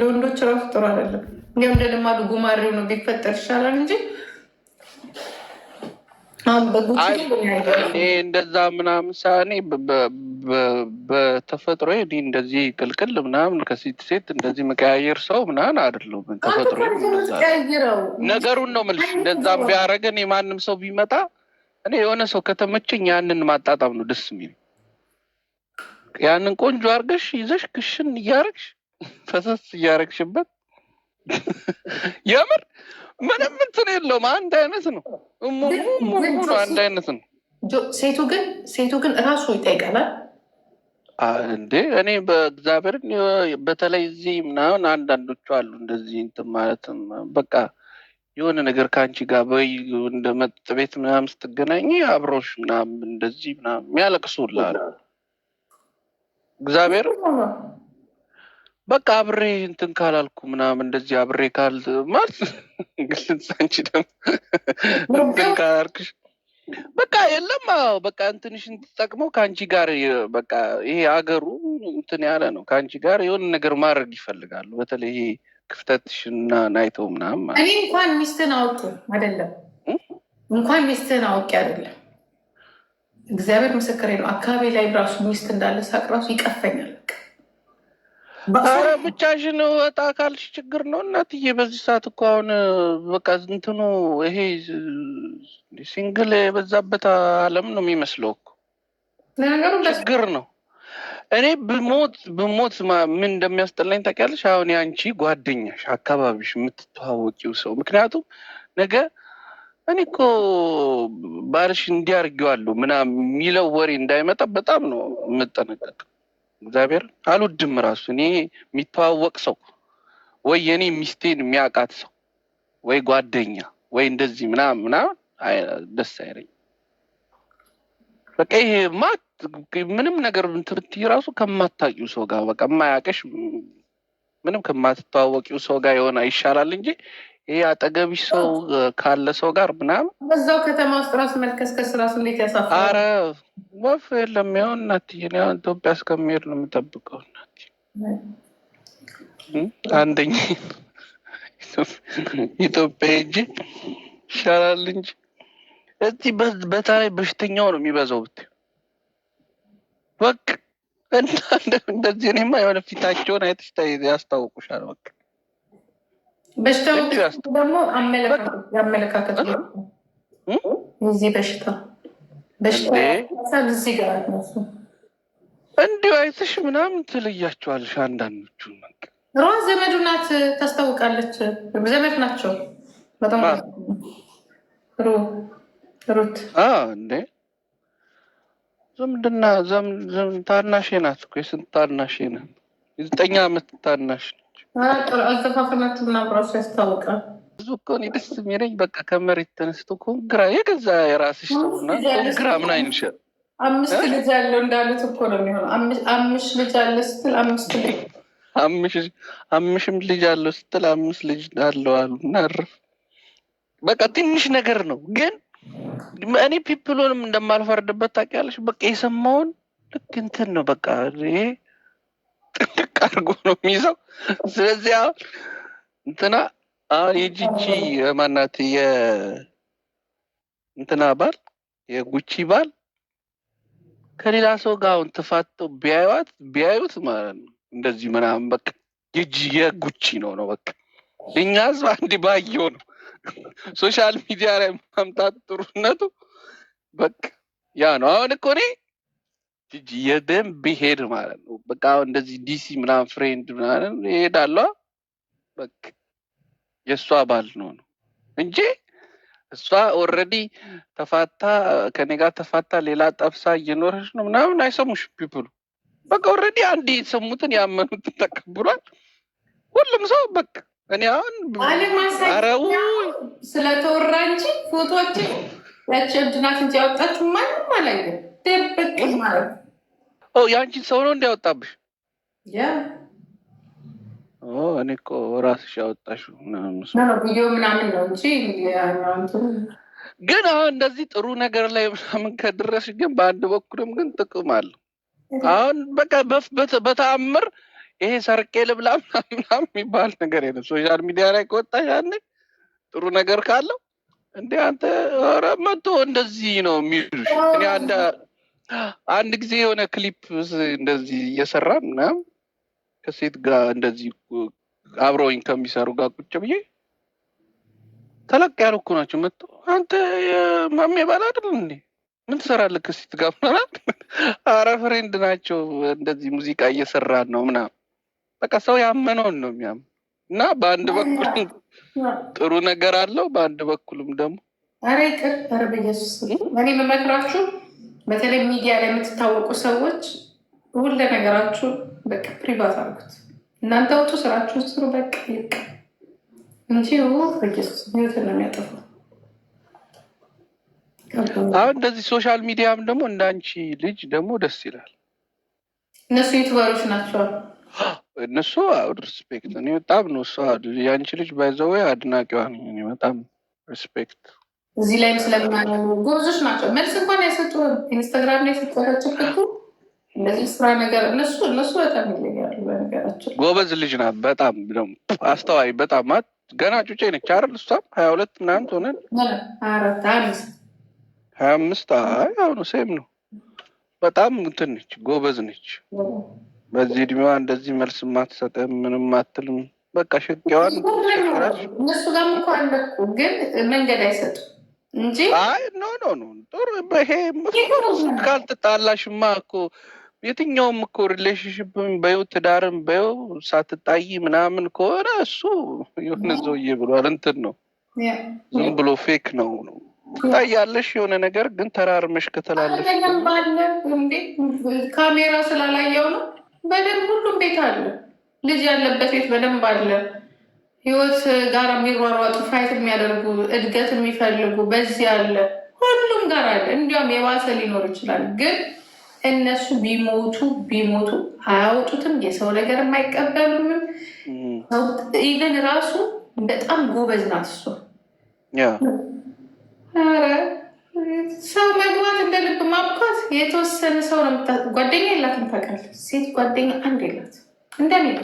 ለወንዶች ራሱ ጥሩ አይደለም። እንዲያው እንደ ልማዱ ጉማሬው ነው ቢፈጠር ይሻላል እንጂ እኔ እንደዛ ምናምን ሳ እኔ እንደዚህ ቅልቅል ምናምን ከሴት ሴት እንደዚህ መቀያየር ሰው ምናምን አይደለሁም። ተፈጥሮ ነገሩን ነው የምልሽ። እንደዛ ቢያደርግ እኔ ማንም ሰው ቢመጣ እኔ የሆነ ሰው ከተመቸኝ ያንን ማጣጣም ነው ደስ የሚል። ያንን ቆንጆ አድርገሽ ይዘሽ ክሽን እያደረግሽ ፈሰስ እያረግሽበት የምር ምንም እንትን የለውም። አንድ አይነት ነው፣ አንድ አይነት ነው። ሴቱ ግን ሴቱ ግን እራሱ ይጠይቀናል እንዴ እኔ በእግዚአብሔር በተለይ እዚህ ምናምን አንዳንዶቹ አሉ እንደዚህ እንትን ማለትም በቃ የሆነ ነገር ከአንቺ ጋር በይ እንደ መጥ ቤት ምናምን ስትገናኝ አብሮሽ ምናምን እንደዚህ ምናምን የሚያለቅሱላል እግዚአብሔር በቃ አብሬ እንትን ካላልኩ ምናምን እንደዚህ አብሬ ካል ማለት ግልጽ አንቺ ደግሞ እንትን ካላልኩሽ በቃ የለም በቃ እንትንሽ እንትጠቅመው ከአንቺ ጋር በቃ ይሄ አገሩ እንትን ያለ ነው። ከአንቺ ጋር የሆነ ነገር ማድረግ ይፈልጋሉ። በተለይ ይሄ ክፍተትሽና ናይተው ምናምን እኔ እንኳን ሚስትን አውቅ አይደለም እንኳን ሚስትን አውቅ አይደለም እግዚአብሔር ምስክሬ ነው። አካባቢ ላይ ራሱ ሚስት እንዳለ ሳቅ ራሱ ይቀፈኛል። ኧረ ብቻሽን ወጣ ካልሽ ችግር ነው እናትዬ። በዚህ ሰዓት እኮ አሁን በቃ እንትኑ ይሄ ሲንግል የበዛበት አለም ነው የሚመስለው እኮ ችግር ነው። እኔ ብሞት ብሞት ምን እንደሚያስጠላኝ ታውቂያለሽ? አሁን የአንቺ ጓደኛሽ አካባቢሽ የምትተዋወቂው ሰው ምክንያቱም ነገ እኔ እኮ ባልሽ እንዲያርጊዋለሁ ምናምን የሚለው ወሬ እንዳይመጣ በጣም ነው የምጠነቀቀው። እግዚአብሔር አልወድም። ራሱ እኔ የሚተዋወቅ ሰው ወይ የኔ ሚስቴን የሚያውቃት ሰው ወይ ጓደኛ ወይ እንደዚህ ምናምን ምናምን ደስ አይለኝ። በቃ ይሄ ማት ምንም ነገር እንትን ራሱ ከማታውቂው ሰው ጋር በቃ የማያውቅሽ ምንም ከማትተዋወቂው ሰው ጋር የሆነ ይሻላል እንጂ ይህ አጠገብሽ ሰው ካለ ሰው ጋር ምናምን በዛው ከተማ ውስጥ ራሱ መልከስከስ ራሱ እንዴት ያሳፍራል። አረ ወፍ የለም ያሁን እናትዬ ሁን ኢትዮጵያ እስከሚሄድ ነው የምጠብቀው። እናት አንደኛ ኢትዮጵያ ሄጄ ይሻላል እንጂ እዚህ በተለይ በሽተኛው ነው የሚበዛው። ብት በቃ እንደዚህ እኔማ የሆነ ፊታቸውን አይተሽ ያስታውቁሻል በቃ በሽታው ደግሞ አመለካከት ነው። እዚህ በሽታ እዚህ ጋር እንዲሁ አይተሽ ምናምን ትለያቸዋለሽ። አንዳንዶቹ ሮዋ ዘመዱ ናት ታስታውቃለች። ዘመድ ናቸው ሩት እንዴ ናት ናት? ዓመት ታናሽ ነው። ብዙ እኮ እኔ ደስ የሚለኝ በቃ ከመሬት ተነስቶ ኮንግራ የገዛ የራስሽ ነውና ኮንግራ ምን አምስት ልጅ እንዳሉት እኮ ነው የሚሆነው። አምስት ልጅ አለ ስትል ልጅ አምሽም ልጅ አለው ስትል አምስት ልጅ አለው አሉ እና በቃ ትንሽ ነገር ነው ግን እኔ ፒፕሎንም እንደማልፈርድበት ታውቂያለሽ። በቃ የሰማውን ልክ እንትን ነው በቃ ጥንቅቅ አድርጎ ነው የሚይዘው። ስለዚህ አሁን እንትና አሁን የጂጂ ማናት የእንትና ባል የጉቺ ባል ከሌላ ሰው ጋር አሁን ተፋተው ቢያዩት ቢያዩት ማለት ነው እንደዚህ ምናምን በቃ የጂ የጉቺ ነው ነው በቃ እኛ ህዝብ አንድ ባየው ነው ሶሻል ሚዲያ ላይ ማምጣት ጥሩነቱ በቃ ያ ነው። አሁን እኮ እኔ የደም ብሄድ ማለት ነው። በቃ እንደዚህ ዲሲ ምናምን ፍሬንድ ምናምን ይሄዳለ በቃ የእሷ ባል ነው ነው እንጂ እሷ ኦልሬዲ ተፋታ ከኔ ጋር ተፋታ ሌላ ጠብሳ እየኖረች ነው ምናምን አይሰሙሽ ፒፕሉ በቃ ኦልሬዲ አንድ የሰሙትን ያመኑትን ተቀብሏል ሁሉም ሰው በቃ እኔ አሁን አረው ስለተወራ እንጂ ፎቶችን ያቸ ድናት እንጂ ያወጣችሁ ማንም አላየም ድብቅ ማለት የአንቺን ሰው ነው እንዲያወጣብሽ። እኔ እኮ ራስሽ ያወጣሽ ምናምን ነው እንጂ ግን አሁን እንደዚህ ጥሩ ነገር ላይ ምናምን ከደረስሽ ግን በአንድ በኩልም ግን ጥቅም አለው። አሁን በቃ በተአምር ይሄ ሰርቄ ልብላ ምናምን የሚባል ነገር የለም። ሶሻል ሚዲያ ላይ ከወጣሽ አንዴ ጥሩ ነገር ካለው እንደ አንተ ኧረ መቶ እንደዚህ ነው የሚሉሽ አንድ ጊዜ የሆነ ክሊፕ እንደዚህ እየሰራን ምናምን ከሴት ጋር እንደዚህ አብረውኝ ከሚሰሩ ጋር ቁጭ ብዬ ተለቅ ያሉ እኮ ናቸው መጥ አንተ ማሜ ባል አይደል እንዴ ምን ትሰራለህ ከሴት ጋር ምናምን አረ ፍሬንድ ናቸው እንደዚህ ሙዚቃ እየሰራን ነው ምናምን በቃ ሰው ያመነውን ነው የሚያምን እና በአንድ በኩል ጥሩ ነገር አለው በአንድ በኩልም ደግሞ አረ ቅር ኧረ እኔ የምመክራችሁ በተለይ ሚዲያ ላይ የምትታወቁ ሰዎች ሁለ ነገራችሁ በቃ ፕሪቫት አልኩት። እናንተ ወጡ ስራችሁ ስሩ በቃ ይቅ እንጂ ኢየሱስ ህይወትን ነው የሚያጠፋው። አሁን እንደዚህ ሶሻል ሚዲያም ደግሞ እንደ አንቺ ልጅ ደግሞ ደስ ይላል። እነሱ ዩቱበሮች ናቸው። እነሱ ሪስፔክት እኔ በጣም ነው እሷ የአንቺ ልጅ ባይዘወ አድናቂዋ ነኝ። እኔ በጣም ሪስፔክት እዚህ ላይ ስለምናለ ጎበዞች ናቸው። መልስ እንኳን አይሰጡህም። ኢንስታግራም ላይ ስጠራቸው ክኩ እንደዚህ ስራ ነገር እነሱ እነሱ በጣም ይለያሉ። በነገራቸው ጎበዝ ልጅ ናት። በጣም አስተዋይ በጣም ማት ገና ጩጬ ነች አይደል? እሷም ሀያ ሁለት ምናምን ትሆነን ሀያ አምስት አይ አሁኑ ሴም ነው። በጣም እንትን ነች፣ ጎበዝ ነች። በዚህ እድሜዋ እንደዚህ መልስ ማትሰጥም ምንም አትልም። በቃ ሸቅዋን እነሱ ጋር እንኳን ግን መንገድ አይሰጡም። እንጂ አይ ኖ ኖ ኖ ጥሩ ይሄ ካልተጣላሽማ እኮ የትኛውም እኮ ሪሌሽንሽፕም በው ትዳርም በው ሳትጣይ ምናምን ከሆነ እሱ የሆነ ዘውዬ ብሏል እንትን ነው ዝም ብሎ ፌክ ነው ነው ታያለሽ የሆነ ነገር ግን ተራርመሽ ከተላለፍ ካሜራ ስላላየው ነው በደንብ ሁሉም ቤት አለ ልጅ ያለበት ቤት በደንብ አለ ህይወት ጋር የሚሯሯጡ ፋይት የሚያደርጉ እድገት የሚፈልጉ በዚህ አለ፣ ሁሉም ጋር አለ። እንዲያውም የባሰ ሊኖር ይችላል። ግን እነሱ ቢሞቱ ቢሞቱ አያወጡትም። የሰው ነገር አይቀበሉም። ኢቨን ራሱ በጣም ጎበዝ ናት እሷ። ሰው መግባት እንደ ልብ ማብኳት የተወሰነ ሰው ነው። ጓደኛ የላትም ታውቃለህ። ሴት ጓደኛ አንድ የላት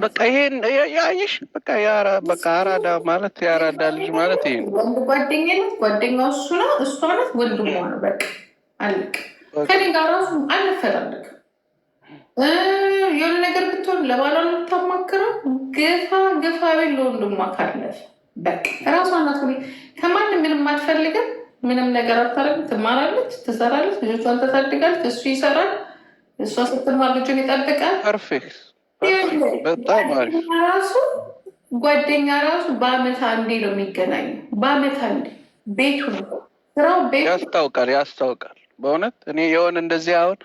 በቃ ይሄን ያየሽ በቃ በቃ አራዳ ማለት የአራዳ ልጅ ማለት ይሄ ወንድ ጓደኛ ጓደኛው እሱ ነው፣ እሱ ማለት ወንድሟ ነው። በቃ አለቅ ከኔ ጋር ራሱ አልፈላለግም። የሆነ ነገር ብትሆን ለባሏ የምታማክረው ግፋ ግፋ ቤት ለወንድሟ ካለፍ በቃ ራሷ ናት። ከማንም ምንም አትፈልግም። ምንም ነገር አታደርግም። ትማራለች፣ ትሰራለች፣ ልጆቿን ታሳድጋለች። እሱ ይሰራል፣ እሷ ስትማር ልጁን ይጠብቃል። ፐርፌክት በጣም ራሱ ጓደኛ ራሱ በአመት አንዴ ነው የሚገናኙ። በአመት አንዴ ቤቱ ስራው ቤቱ ያስታውቃል፣ ያስታውቃል። በእውነት እኔ የሆነ እንደዚህ አሁን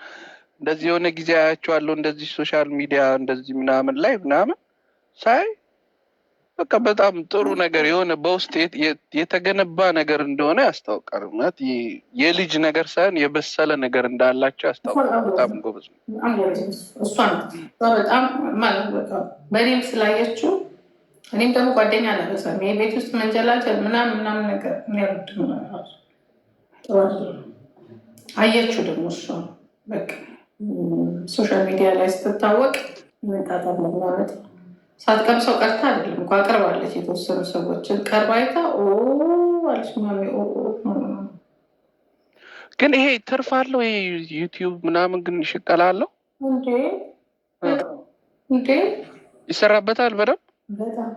እንደዚህ የሆነ ጊዜ አያቸዋለሁ እንደዚህ ሶሻል ሚዲያ እንደዚህ ምናምን ላይ ምናምን ሳይ በቃ በጣም ጥሩ ነገር የሆነ በውስጥ የተገነባ ነገር እንደሆነ ያስታውቃል። ማለት የልጅ ነገር ሳይሆን የበሰለ ነገር እንዳላቸው ያስታውቃል። በጣም ጎበዝ ነው። እሷ በጣም በእኔም ስላየችው እኔም ደግሞ ጓደኛ አላበሳም። የቤት ውስጥ መንጀላጀል ምናምን ምናምን ነገር የሚያረድ አየችው። ደግሞ እሷ በቃ ሶሻል ሚዲያ ላይ ስትታወቅ ምንጣጣ ለማለት ሳትቀምሰው ቀርታ አይደለም እንኳ አቅርባለች። የተወሰኑ ሰዎችን ቀርባ አይታ ግን ይሄ ትርፍ አለው ይሄ ዩቲዩብ ምናምን ግን ይሽቀላለው አለው እንዴ ይሰራበታል በደምብ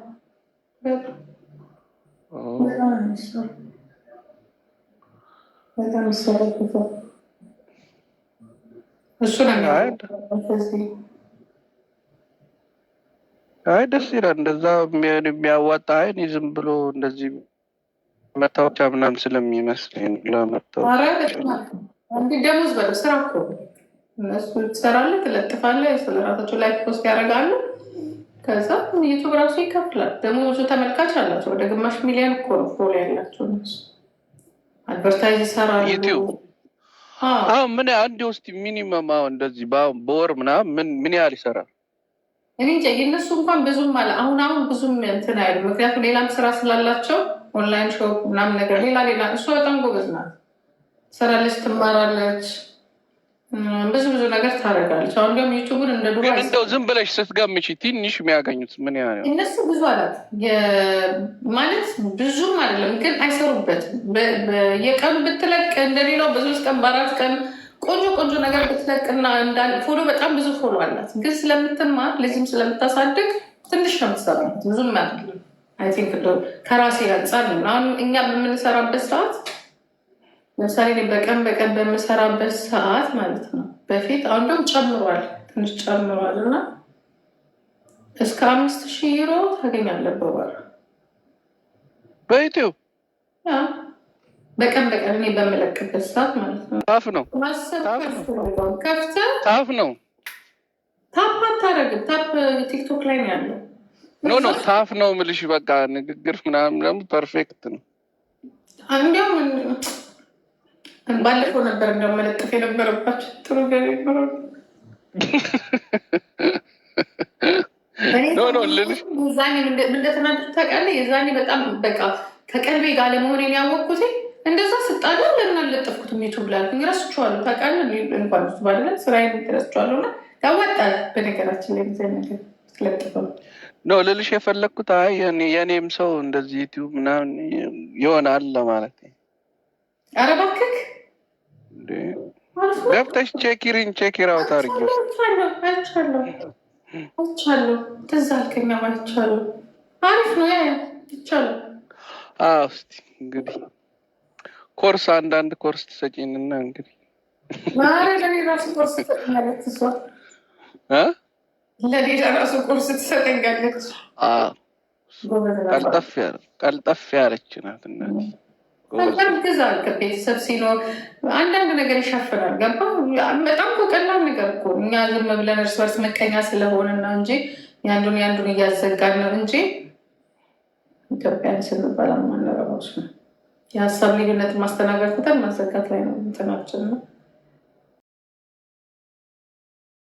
በጣም አይ ደስ ይላል። እንደዛ የሚያዋጣ አይን ዝም ብሎ እንደዚህ መታወቻ ምናም ስለሚመስለኝ ለመታወቅ ደሞዝ ስራ እኮ እነሱ ስለራሳቸው ላይ ፖስት ያደርጋሉ። ከዛ ዩቱብ ራሱ ይከፍላል። ደግሞ ብዙ ተመልካች አላቸው። ወደ ግማሽ ሚሊዮን እኮ ነው ፎሎ ያላቸው እነሱ። አድቨርታይዝ ይሰራሉ ምን አንድ ውስጥ ሚኒመም እንደዚህ በወር ምናምን ምን ያህል ይሰራል? እኔ እንጃ የእነሱ እንኳን ብዙም አለ አሁን አሁን ብዙም እንትን አይሉ፣ ምክንያቱም ሌላም ስራ ስላላቸው ኦንላይን ሾ ምናምን ነገር ሌላ ሌላ። እሷ በጣም ጎበዝ ናት፣ ሰራለች፣ ትማራለች፣ ብዙ ብዙ ነገር ታደርጋለች። አሁን ደም ዩቱቡን እንደ ድሮ እንደው ዝም ብለሽ ስትገምች ትንሽ የሚያገኙት ምን ያ እነሱ ብዙ አላት ማለት ብዙም አይደለም፣ ግን አይሰሩበትም። የቀኑ ብትለቅ እንደሌላው ብዙ እስከ በአራት ቀን ቆንጆ ቆንጆ ነገር ብትለቅና እንዳን ፎሎ በጣም ብዙ ፎሎ አላት፣ ግን ስለምትማር ልጅም ስለምታሳድግ ትንሽ ነው የምትሰራበት። ብዙም አይደለም። ከራሴ አንጻር ነው። አሁን እኛ በምንሰራበት ሰዓት ለምሳሌ በቀን በቀን በምሰራበት ሰዓት ማለት ነው በፊት አሁን ደግሞ ጨምሯል፣ ትንሽ ጨምሯል እና እስከ አምስት ሺህ ዩሮ ታገኛለህ በወር በኢትዮ በቀን በቀን እኔ በምለቅበት ሰዓት ማለት ነው። ታፍ ነው ከፍተህ ታፍ ነው። ታፕ አታደርግም። ታፕ ቲክቶክ ላይ ነው ያለው። ኖ ኖ ታፍ ነው ምልሽ በቃ ንግግር ምናምን ደግሞ ፐርፌክት ነው። እንዲያውም ባለፈው ነበር እንዲያውም መለጠፍ የነበረባቸው ጥሩ ገር ነበረ። ዛኔ እንደተናደድ ታውቃለህ። የዛኔ በጣም በቃ ከቀልቤ ጋር ለመሆን እንደዛ ስጣለ ለምን አልለጠፍኩትም? ዩቱብ ብላል ረስቼዋለሁ። ታውቃለህ እንኳን ስ ባለ ስራዬን ረስቼዋለሁ። እና ያወጣል በነገራችን ላይ ጊዜ ነገር ስለጥፈው ነው ልልሽ የፈለግኩት አይ የኔም ሰው እንደዚህ ዩቲዩብ ምናምን ይሆናል ለማለት ኧረ እባክህ ገብተሽ ቼኪሪን ቼኪር አውት አድርጊ ውስጥ አይቻለሁ። አሪፍ ነው ይቻለሁ። እስኪ እንግዲህ ኮርስ አንዳንድ ኮርስ ትሰጪንና እንግዲህ ለእኔ ራሱ ኮርስ ትሰጠኛለች እሷ ኮርስ ትሰጠኛለች። ቀልጠፍ ያለች ናት እናቴ። በጣም ቤተሰብ ሲኖር አንዳንድ ነገር ይሻፈናል። ገባ በጣም በቀላል ነገር እኮ እኛ ዝም ብለን እርስ በርስ መቀኛ ስለሆንን ነው እንጂ ያንዱን ያንዱን እያዘጋን ነው እንጂ ኢትዮጵያን ስንባላ ማንረባሱ ነው የሀሳብ ልዩነት ማስተናገድ ከተን ማዘጋት ላይ ነው እንትናችን ነው።